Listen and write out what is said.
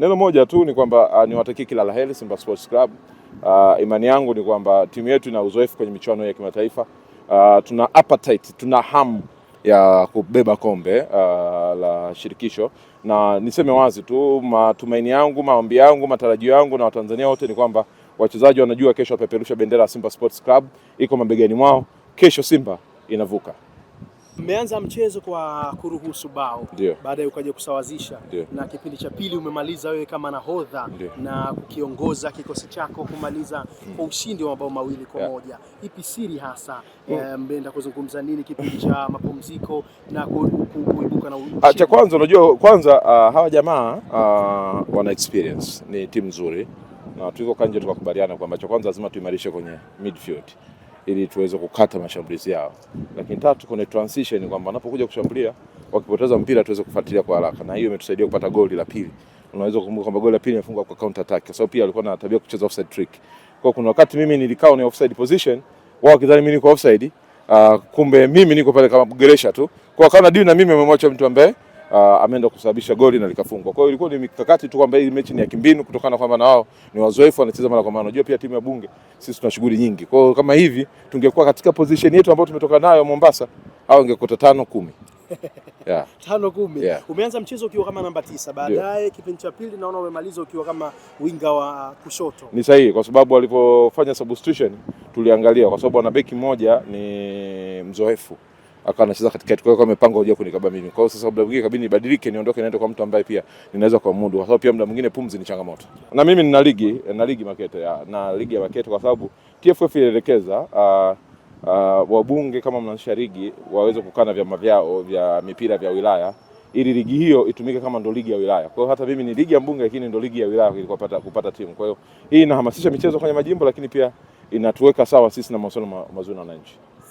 Neno moja tu ni kwamba uh, niwatakie kila la heri Simba Sports Club. Uh, imani yangu ni kwamba timu yetu ina uzoefu kwenye michuano ya kimataifa. Uh, tuna appetite, tuna hamu ya kubeba kombe uh, la shirikisho, na niseme wazi tu, matumaini yangu, maombi yangu, matarajio yangu na Watanzania wote ni kwamba wachezaji wanajua kesho wapeperusha bendera ya Simba Sports Club iko mabegani mwao. Kesho Simba inavuka. Mmeanza mchezo kwa kuruhusu bao, baadaye ukaja kusawazisha Dio. na kipindi cha pili umemaliza wewe kama nahodha na kukiongoza kikosi chako kumaliza mm. kwa ushindi wa mabao mawili kwa yeah. moja. Ipi siri hasa mm. eh, mmeenda kuzungumza nini kipindi cha mapumziko na kuibuka na ah, ushindi? Cha kwanza unajua kwanza, uh, hawa jamaa uh, wana experience, ni timu nzuri na tulivyokaa nje tukakubaliana kwamba cha kwanza lazima tuimarishe kwenye midfield ili tuweze kukata mashambulizi yao. Lakini tatu, kuna transition kwamba wanapokuja kushambulia wakipoteza mpira tuweze kufuatilia kwa haraka, na hiyo imetusaidia kupata goli la pili. Unaweza kukumbuka kwamba goli la pili imefungwa kwa counter attack, kwa sababu pia alikuwa na tabia kucheza offside trick. Kwa kuna wakati mimi nilikaa ni offside position, wao wakidhani mimi niko offside, uh, kumbe mimi niko pale kama geresha tu, kwa kana deal na mimi amemwacha mtu ambaye uh, ameenda kusababisha goli na likafungwa. Kwa hiyo ilikuwa ni mikakati tu kwamba hii mechi ni ya kimbinu, kutokana kwamba na wao ni wazoefu, wanacheza mara kwa mara. Unajua pia timu ya Bunge sisi tuna shughuli nyingi, kwa hiyo kama hivi tungekuwa katika position yetu ambayo tumetoka nayo Mombasa, au ingekuta tano kumi Yeah. Tano kumi. Yeah. Umeanza mchezo ukiwa kama namba tisa, baadaye kipindi cha pili naona umemaliza ukiwa kama winga wa kushoto. Ni sahihi kwa sababu walipofanya substitution tuliangalia, kwa sababu ana beki mmoja ni mzoefu akawa anacheza katikati, kwa hiyo amepanga hoja kunikaba mimi. Kwa hiyo sasa muda mwingine kabidi nibadilike, niondoke naende kwa mtu ambaye pia ninaweza kwa mudu, kwa sababu pia muda mwingine pumzi ni changamoto. Na mimi nina ligi na ligi Makete ya, ah, na ligi ya Makete kwa sababu TFF ilielekeza uh, wabunge kama mnaanzisha ligi waweze kukaa na vyama vyao vya mipira vya wilaya ili ligi hiyo itumike kama ndo ligi ya wilaya. Kwa hiyo hata mimi ni ligi ya mbunge lakini ndo ligi ya wilaya ili kupata kupata timu. Kwa hiyo hii inahamasisha michezo kwenye majimbo, lakini pia inatuweka sawa sisi na mahusiano mazuri na wananchi.